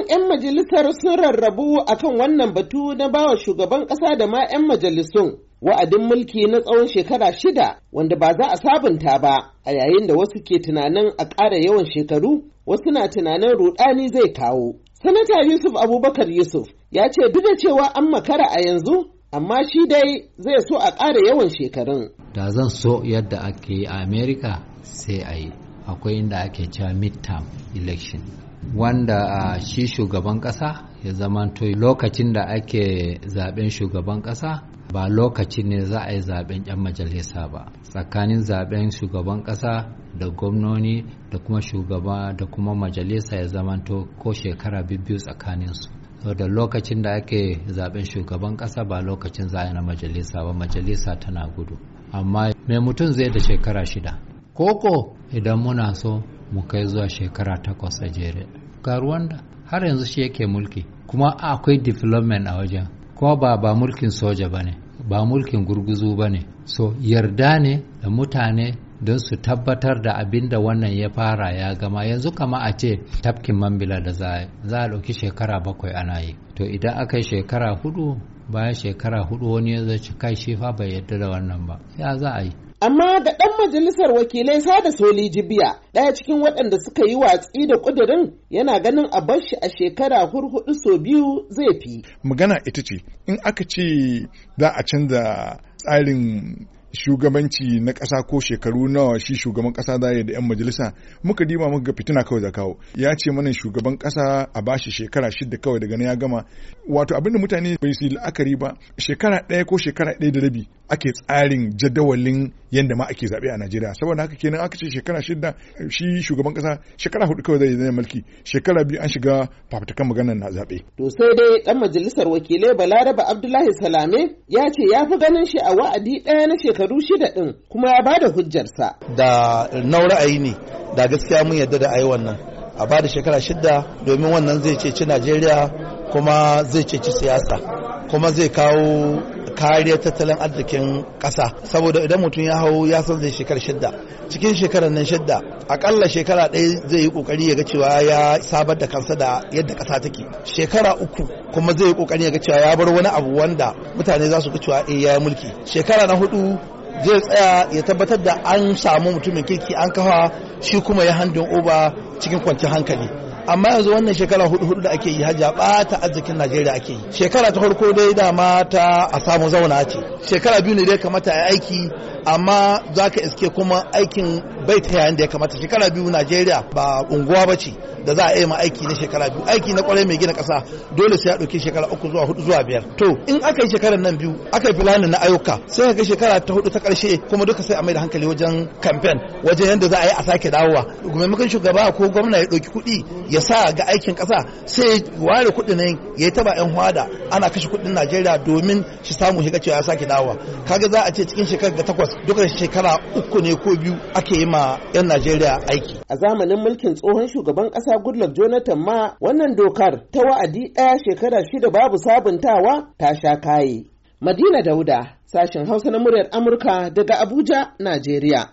Sauran 'yan majalisar sun rarrabu a kan wannan batu na bawa shugaban ƙasa da ma 'yan majalisun wa'adin mulki na tsawon shekara shida wanda ba za a sabunta ba a yayin da wasu ke tunanin a ƙara yawan shekaru wasu na tunanin rudani zai kawo. Sanata Yusuf Abubakar Yusuf ya ce duk da cewa an makara a yanzu amma shi dai zai so a ƙara yawan shekarun. Da zan so yadda ake a Amerika sai a yi. akwai inda ake cewa midterm election wanda shi shugaban kasa ya zamanto lokacin da ake zaben shugaban kasa ba lokacin ne za a yi zaben 'yan majalisa ba tsakanin zaben shugaban kasa da gwamnoni da kuma shugaba da kuma majalisa ya zamanto ko shekara biyu tsakanin so da lokacin da ake zaben shugaban kasa ba lokacin za a yi na majalisa ba majalisa tana gudu amma mai mutum zai da shekara shida koko idan muna so mu kai zuwa shekara takwas a jere ga Rwanda har yanzu shi yake mulki kuma akwai development a wajen kuma ba ba mulkin soja ba ne ba mulkin gurguzu ba ne so yarda ne da mutane don su tabbatar da abin da wannan ya fara ya gama yanzu kama a ce tafkin mambila da za a ɗauki shekara bakwai ana yi to idan aka yi shekara hudu bayan shekara hudu wani ya zai kai shi fa bai yarda da wannan ba ya za a yi amma da ɗan majalisar wakilai sada soli jibiya ɗaya cikin waɗanda suka yi watsi da ƙudirin yana ganin a bar shi a shekara hurhudu sau biyu zai fi magana ita ce in aka ce za a canza tsarin shugabanci na ƙasa ko shekaru nawa shi shugaban ƙasa za da 'yan majalisa muka dima muka ga fitina kawai za kawo ya ce mana shugaban ƙasa a bashi shekara shida kawai daga na ya gama wato abinda mutane bai su yi la'akari ba shekara ɗaya ko shekara ɗaya da rabi ake tsarin jadawalin yadda ma ake zaɓe a Najeriya saboda haka kenan aka ce shekara shida shi shugaban kasa shekara hudu kawai zai zai mulki shekara biyu an shiga fafutukan maganar na zaɓe. To sai dai ɗan majalisar wakilai Balaraba Abdullahi Salame ya ce ya fi ganin shi a wa'adi ɗaya na shekaru shida ɗin kuma ya ba da hujjarsa. Da nau ra'ayi ne da gaskiya mun yarda da ayi wannan a bada shekara shida domin wannan zai ceci Najeriya kuma zai ceci siyasa kuma zai kawo kariyar tattalin arzikin ƙasa saboda idan mutum ya hau ya san zai shekar shidda cikin shekarar nan shidda akalla shekara ɗaya zai yi ƙoƙari ya ga cewa ya sabar da kansa da yadda ƙasa take shekara uku kuma zai yi ƙoƙari ya ga cewa ya bar wani abu wanda mutane za su ga cewa eh ya mulki shekara na hudu zai tsaya ya tabbatar da an samu mutumin kirki an kafa shi kuma ya handin oba cikin kwanciyar hankali amma yanzu wannan shekara hudu hudu da ake yi hajja bata arzikin najeriya ake yi shekara ta farko dai da mata a samu zauna ce shekara biyu ne dai kamata a aiki amma za ka iske kuma aikin bai ta yayin da ya kamata shekara biyu najeriya ba unguwa ba ce da za a yi ma aiki na shekara biyu aiki na kwarai mai gina kasa dole sai a ɗauki shekara uku zuwa hudu zuwa biyar to in aka yi shekarar nan biyu aka yi filanin na ayyuka sai ka ga shekara ta hudu ta ƙarshe kuma duka sai a mai da hankali wajen campaign wajen yadda za a yi a sake dawowa maimakon shugaba ko gwamna ya ɗauki kuɗi ya sa ga aikin kasa sai ya ware kuɗi nan ya yi taba 'yan hwada ana kashe kuɗin najeriya domin shi samu shiga cewa ya sake dawowa kaga za a ce cikin shekara ga takwas duka shekara uku ne ko biyu ake yi ma 'yan Najeriya aiki. A zamanin mulkin tsohon shugaban ƙasa Goodluck Jonathan ma wannan dokar ta wa'adi ɗaya shekara shida babu sabuntawa ta sha kaye. Madina Dauda, sashen Hausa na muryar Amurka daga Abuja, Najeriya.